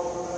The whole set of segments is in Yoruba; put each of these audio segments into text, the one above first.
Oh,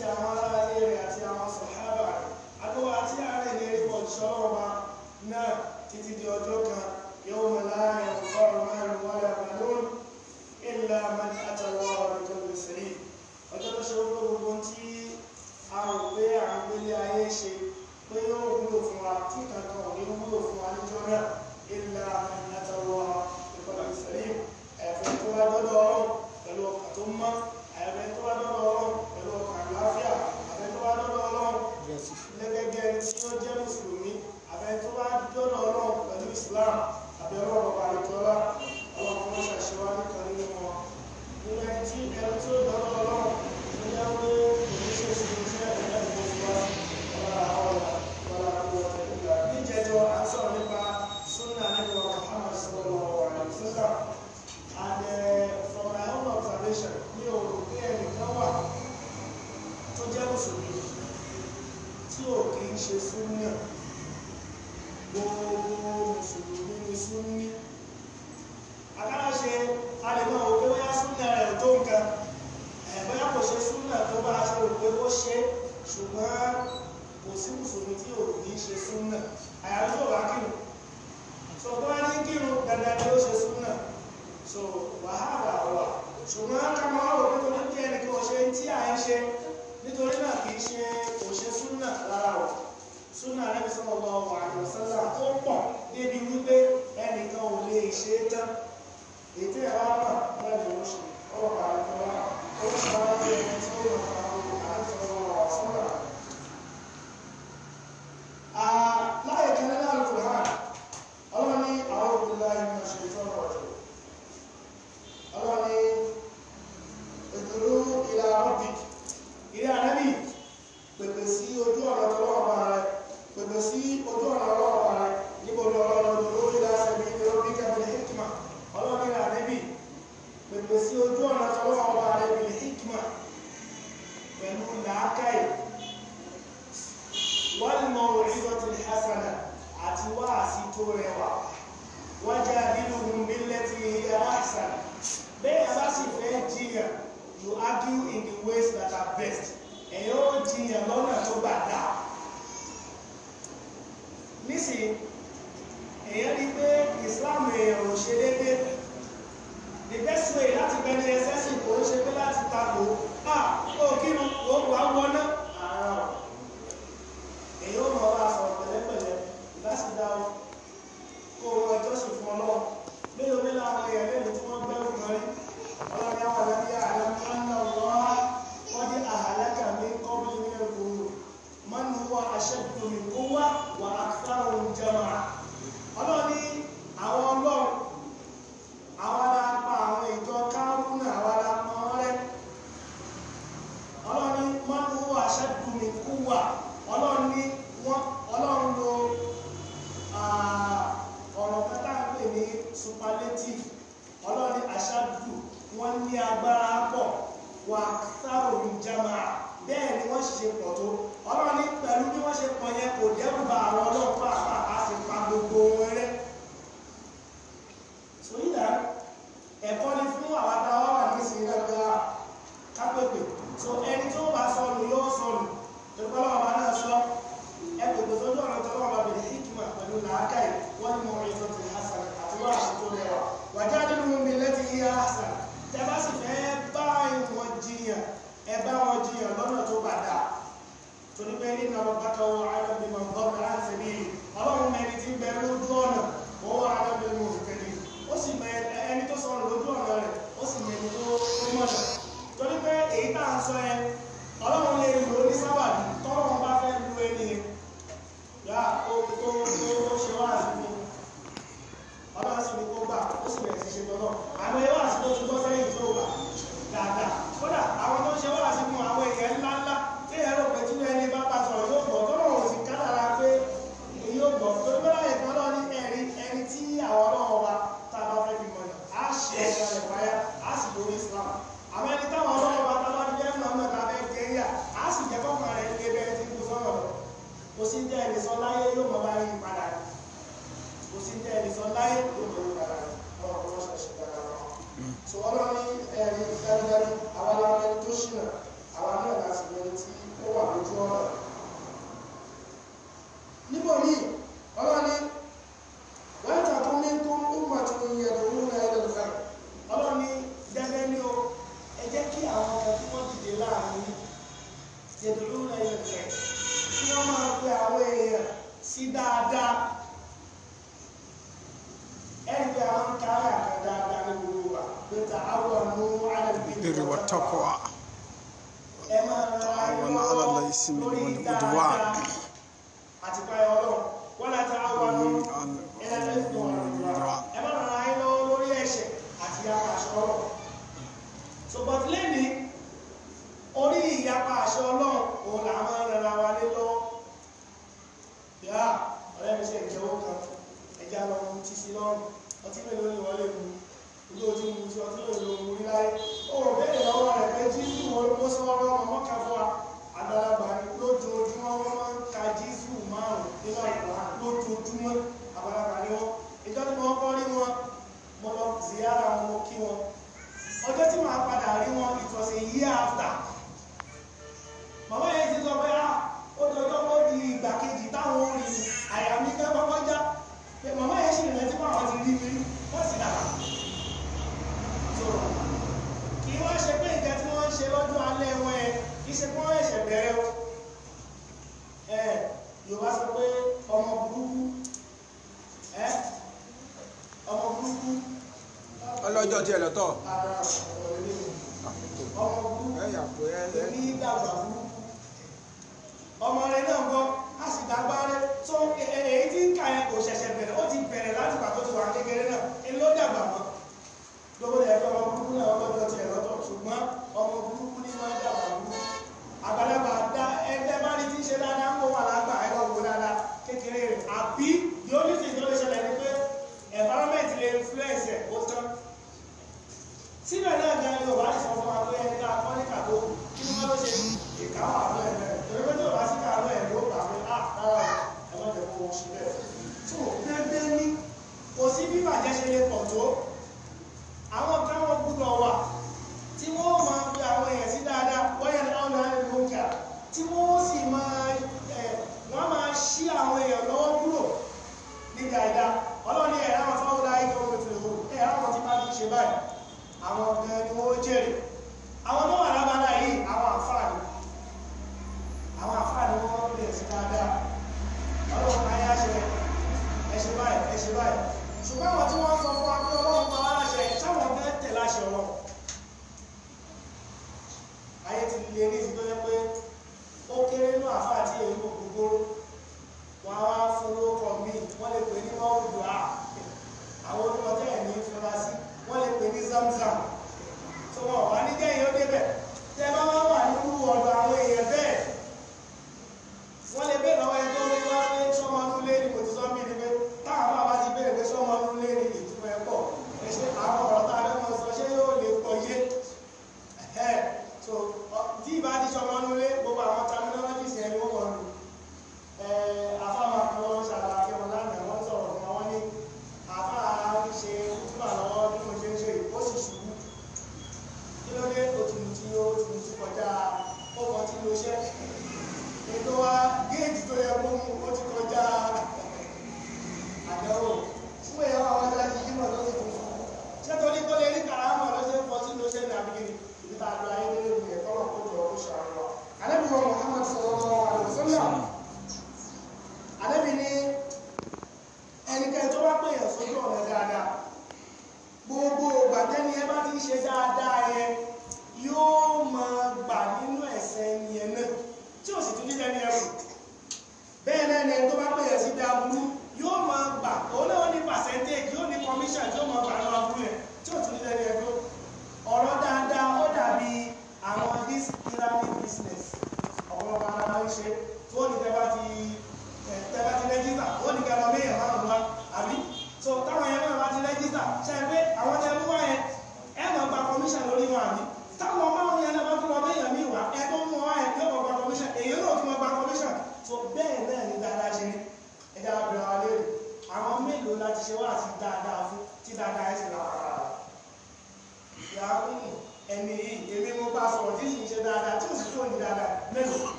àti àwọn ará ilé rẹ̀ àti àwọn sàhábà rẹ̀ àtọwọ́ àti ààrẹ ní ẹ̀rí pọ̀ sọ́rọ̀ ọba náà títí di ọjọ́ kan yóò mọ̀ láàrin ọ̀rọ̀ márùn wọ́n rẹ̀ pẹ̀lú ìlà man àtàwọ̀ ọ̀rọ̀ tó lè sèrí ọjọ́ tó ṣe ó gbogbo tí a rò pé à ń gbélé ayé ṣe pé yóò wúlò fún wa tí kankan ò ní wúlò fún wa níjọ́ náà ìlà man àtàwọ̀ ọ̀rọ̀ tó lè sèrí ẹ̀fẹ̀ tó wá dọ́dọ̀ ọ̀rọ̀ so wàhálà wà ṣùgbọ́n ká máa wò pé kò ní kí ẹnìkan ò ṣe tí à ń ṣe nítorí náà kì í ṣe kò ṣe súnà rárá o súnà rẹ̀ fi sọ́kọ̀ lọ wà àyọ̀ sẹ́lá tó pọ̀ débi wípé ẹnìkan ò lè ṣe é tán ètò ẹ̀ wá mọ̀ lẹ́nu oṣù ọ̀pá àgbọ̀wá oṣù àwọn ọmọ ẹni tí ó lọ fà á. rẹwà wajadiluhum billati hiya ahsan bẹ́ẹ̀ bá sì fẹ́ jiyàn you argue in the ways that are best ẹ̀yin ó jiyàn lọ́nà tó gbà dá nísìnyí èèyàn rí pé Islam èèyàn ò ṣe déédéé the best way láti bẹni ẹsẹ sì kò ń ṣe pé láti takò ah ó kírun ó wà wọná. yẹ̀dùrú náà yẹ kẹ́ kí wọ́n máa pe àwọn èèyàn sí dáadáa ẹ̀rí pé àwọn ń kárí àkà dáadáa ní gbogbo wa bẹ́tà àwọn ọmọ alẹ́bí ìrìn wọ́n tọ́kọ̀ ẹ máa ra ẹ̀rọ lórí dáadáa. ẹni ló lè wọlé mu ojú ojú mu tí wọn tí lè lo orí láyé ó wọ bẹ́ẹ̀ lọ́wọ́ rẹ̀ pé jésù wọn ló sọ wọn lọ́wọ́ ọmọ kan fún wa àgbàlagbà lójoojúmọ́ wọn máa ń ka jésù márùn nínú àgbà lójoojúmọ́ ni wọn ìjọ tí wọn kọ́ influence ẹ̀ ó tán síbẹ̀ náà gan ni ọba àìsàn fún wa pé ẹni náà kọ́ níkà tó kí ni wọ́n ló ṣe ìkáwọ́ àlọ́ ẹ̀ bẹ̀rẹ̀ torí pé tí ọba sí ká àlọ́ ẹ̀ ló rà pé á ah, rárá ẹ̀ lọ́jọ́ kó wọ́n ṣe bẹ́ẹ̀ tó bẹ́ẹ̀ bẹ́ẹ̀ ni kò sí bí bàjẹ́ ṣe lè pọ̀ tó আমাদের ওই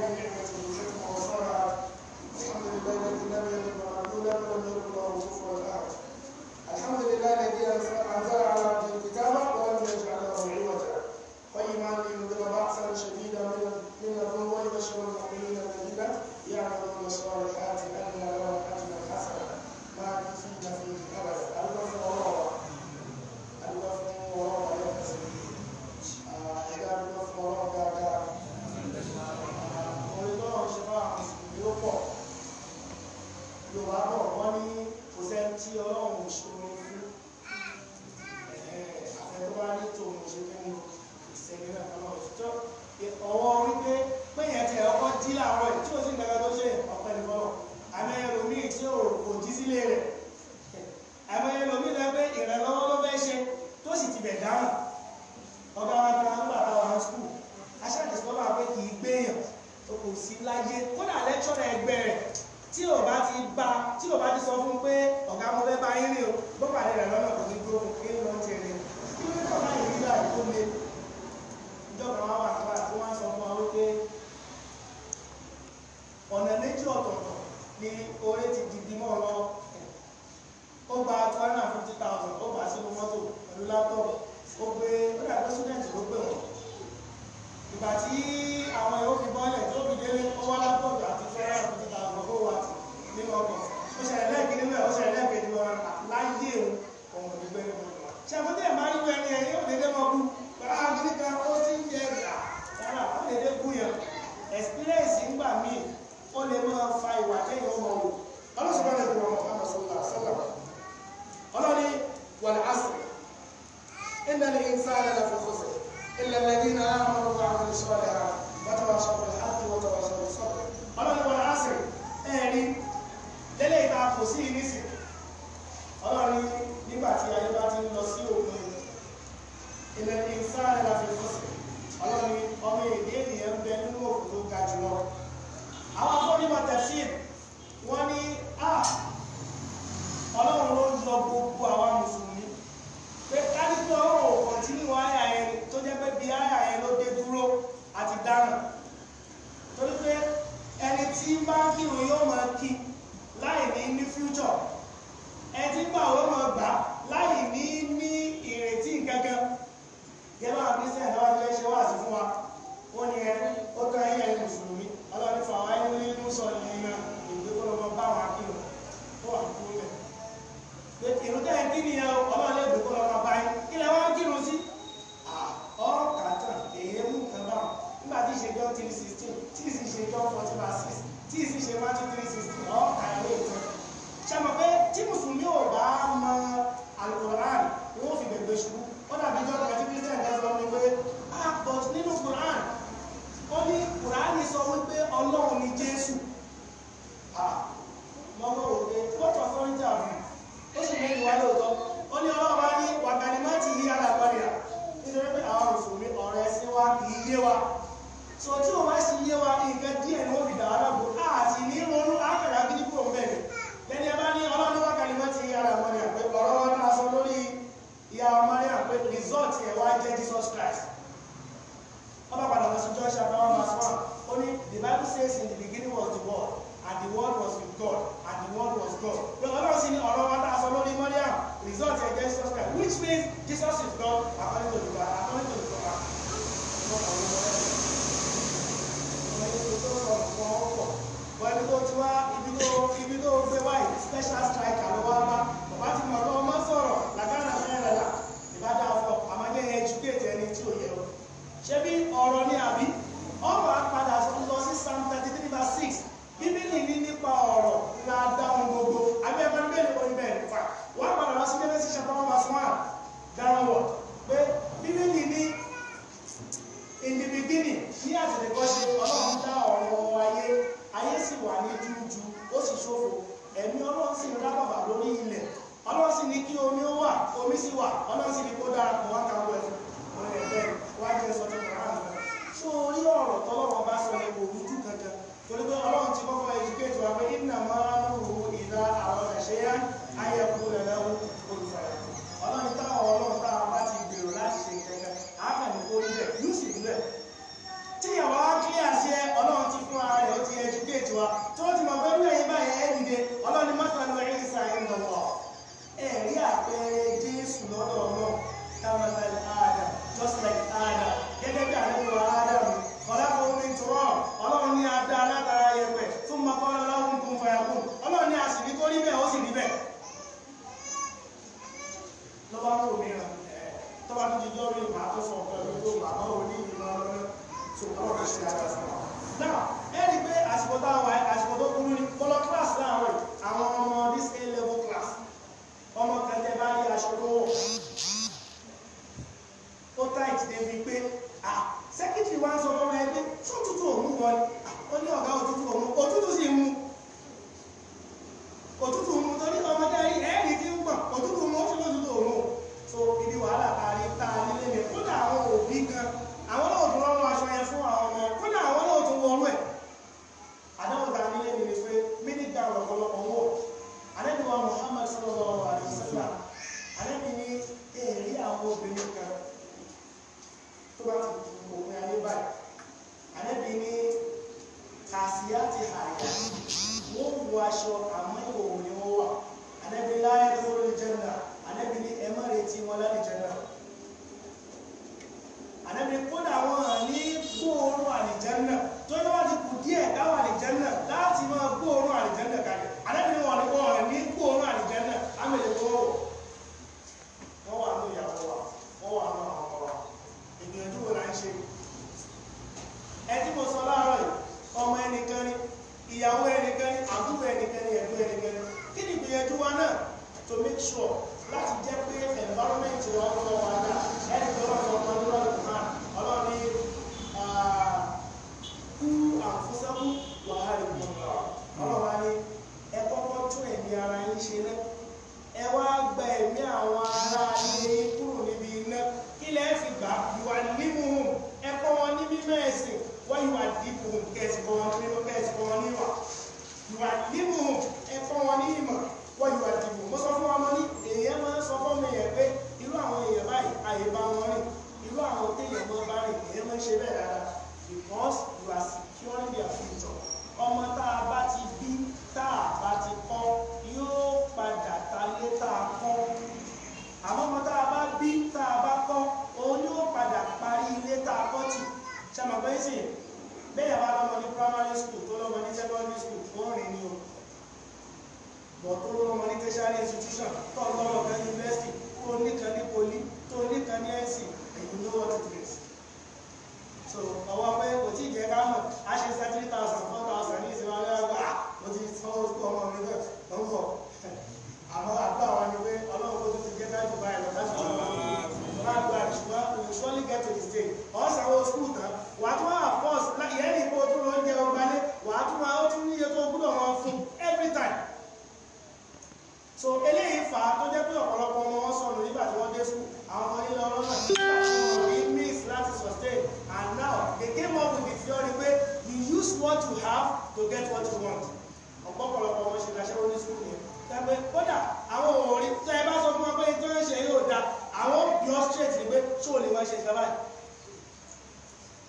Lord. but all money institution, you have to get what you want ọ̀pọ̀lọpọ̀ wọn ṣe ìdáṣẹ́ oní sùúrù yẹn tẹ́gbẹ́ kódà àwọn òòrí tẹ́ ẹ bá sọ fún wọn pé tó ń ṣe yóò da àwọn bí ọ straight ni pé tó lè wọ́n ṣe ìgbà báyìí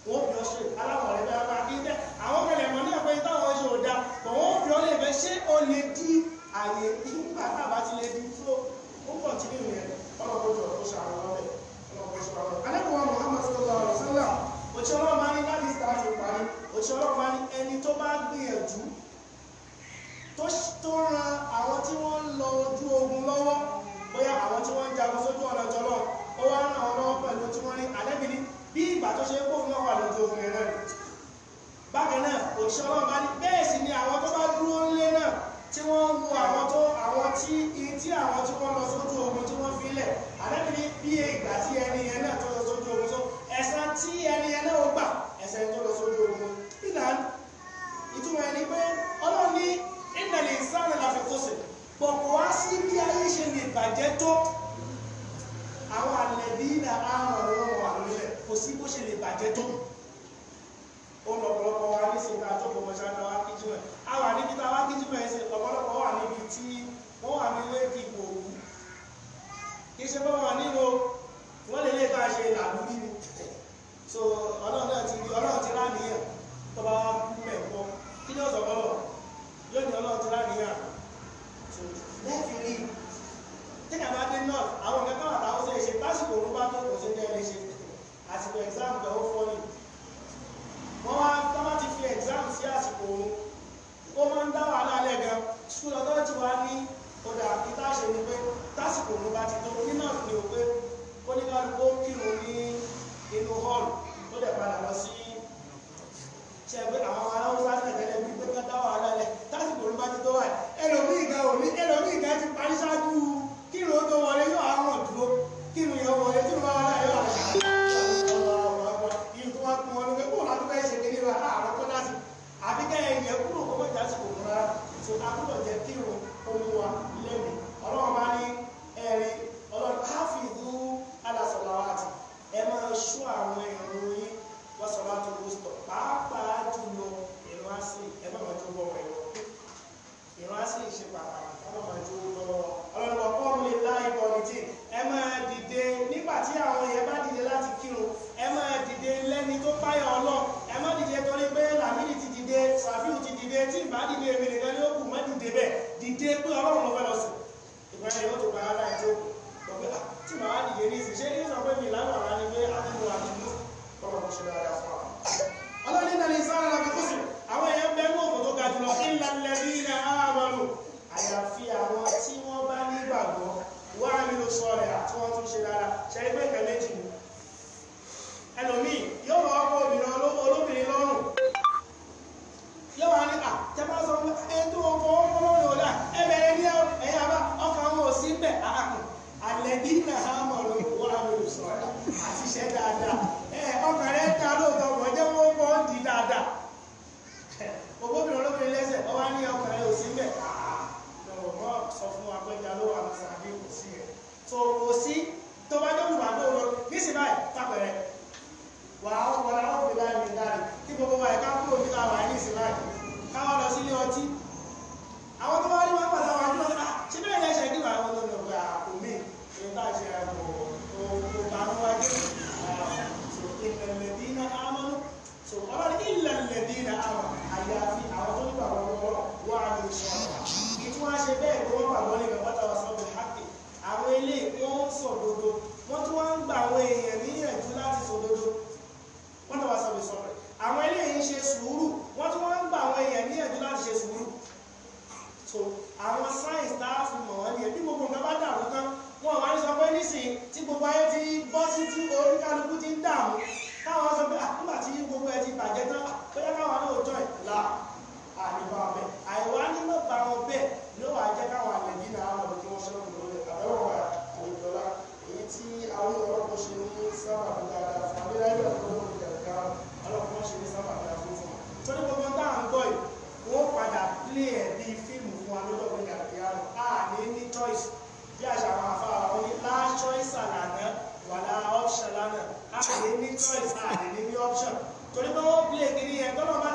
wọ́n bí ọ straight aláwọ̀ rẹ̀ bẹ́ẹ̀ máa bí dẹ́ àwọn kẹlẹ̀ mọ̀ náà pé táwọn ṣe ò da bọ̀ wọ́n bí ọ lè fẹ́ ṣé o lè di àyè nígbà tá a bá ti lè di fúlò ó pọ̀ tí nínú yẹn ọlọ́kọ̀ọ́jọ́ ọ̀ṣà àwọn ọ̀rẹ́ ọlọ́kọ̀ọ́ṣà àwọn ọ̀rẹ́ òṣèlú ọlọ́run bá ní ẹni tó bá gbìyànjú tó ran àwọn tí wọ́n ń lọ ojú ogun lọ́wọ́ bóyá àwọn tí wọ́n ń jagun sójú ọ̀nà jọlọ́ ó wá ràn wọ́n lọ́wọ́ pẹ̀lú tí wọ́n ní àlẹ́bí ní bí ìgbà tó ṣe é kóhun náà wà lójú ogun rẹ̀ náà bákan náà òṣìṣẹ́ ọlọ́run bá ní bẹ́ẹ̀ sì ni àwọn tó bá dúró ńlé náà tí wọ́n ń wo àwọn tó àwọn tí tí àwọn tí wọ́n lọ sójú ogun tí wọ́n fi lẹ̀ àlẹ́bí ní bí ìgbà tí ẹni yẹn náà tó lọ sójú ogun só ẹ̀san tí ẹni yẹn náà ṣe bá wà nínú wọ́n lè lè bá ṣe làlú bí mi so ọlọ́run ti rí ọlọ́run ti ráníyàn tó bá wá kú mẹ́kọ́ kí ni ọ̀sọ̀ bọ́lọ̀ yóò ní ọlọ́run ti ráníyàn so lẹ́fìrí tíkà bá dé náà àwọn ọ̀gá káwọn àtàwọn ṣe ṣe tásìkò òun bá tó kò sí ní ẹni ṣe àsìkò exam gan ó fọ́ ni wọ́n wá tó bá ti fi exam sí àsìkò òun ó máa ń dá wàhálà lẹ́gan skul ọ̀dọ́ ti wá ní ọ̀dà ìtàṣe ni pé tásìkò òun bá ti tó nínú àrùn ni ò pé ó ní kálukó kírun ní inú hall tó dẹ̀ padà lọ sí ṣẹ́gbẹ́ àwọn choice ààrẹ ní option torí pé wọ́n play kiri yẹn tọ́lọ́ bá